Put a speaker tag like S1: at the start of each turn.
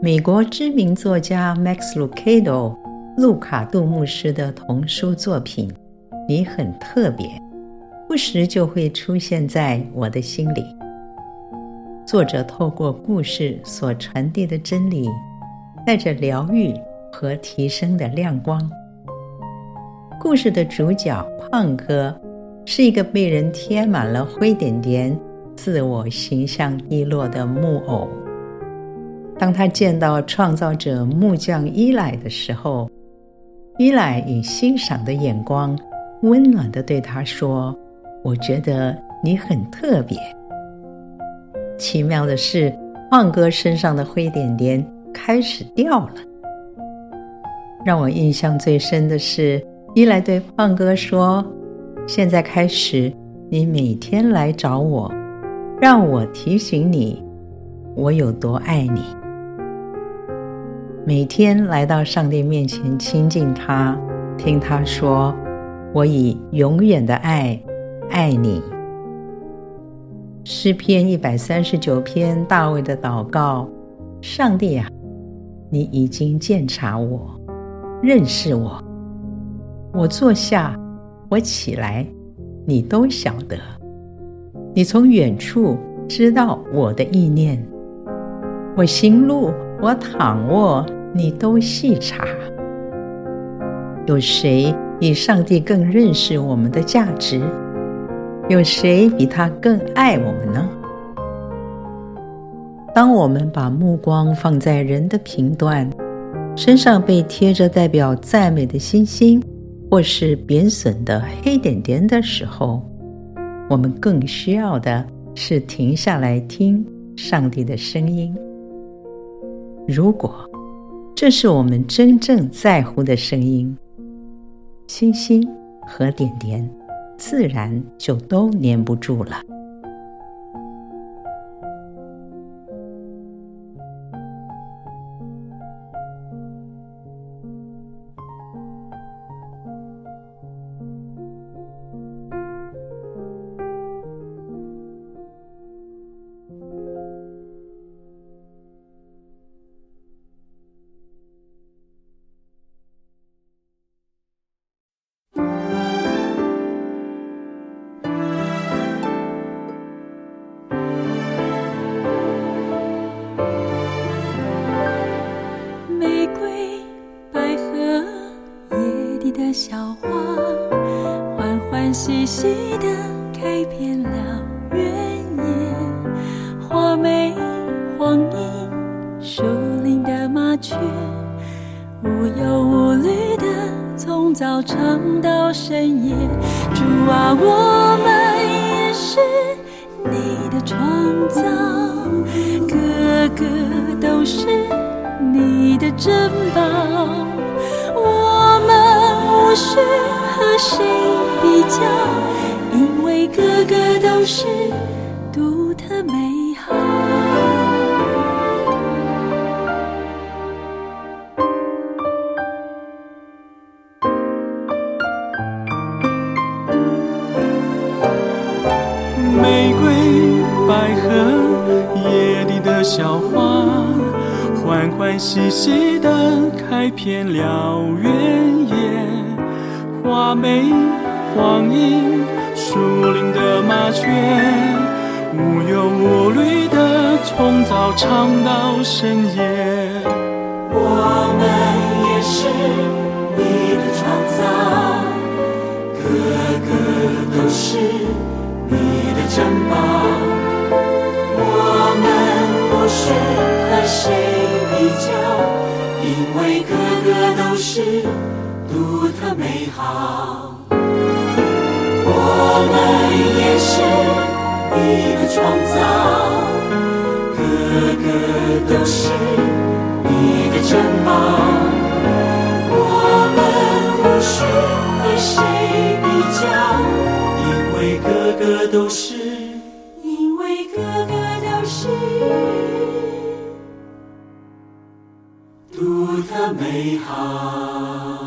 S1: 美國知名作家 Max Lucado、路卡杜牧師的童書作品《你很特別》，不時就會出現在我的心裡。作者透過故事所傳遞的真理，帶着療癒和提升的亮光。故事的主角胖哥是一個被人貼滿了灰點點，自我形象低落的木偶，當他見到創造者木匠伊萊的時候，伊萊以欣賞的眼光，溫暖地對他說：“我覺得你很特別。”奇妙的是，胖哥身上的灰點點開始掉了。讓我印象最深的是，伊萊對胖哥說：“現在開始，你每天來找我。”讓我提醒你，我有多愛你。每天來到上帝面前親近他，聽他說：“我以永遠的愛愛你。”詩篇一百三十九篇，大衛的禱告：“上帝啊，你已經鑑察我，認識我。我坐下，我起來，你都曉得。”你從遠處知道我的意念，我行路，我躺臥，你都細察。有誰比上帝更認識我們的價值？有誰比他更愛我們呢？當我們把目光放在人的評斷身上，被貼着代表讚美的星星，或是貶損的黑點點的時候。我們更需要的是停下來聽上帝的聲音。如果這是我們真正在乎的聲音，星星和點點自然就都粘不住了。
S2: 的小花歡歡喜喜地開遍了原野，花眉、黃鶯、樹林的麻雀無憂無慮地從早唱到深夜。主啊，我們也是你的創造，個個都是你的珍寶。是和誰比較？因為個個都是獨特美好。玫瑰、百合、野地的小花，歡歡喜喜地開遍了原野。畫眉、黃鶯、樹林的麻雀，無憂無慮的從早唱到深夜。我們也是你的創造，個個都是你的珍寶。我們不是和誰比較，因為個個都是。獨特美好，我們也是你的創造，個個都是你的珍寶，我們無需和誰比較，因為個個都是，因為個個都是獨特美好。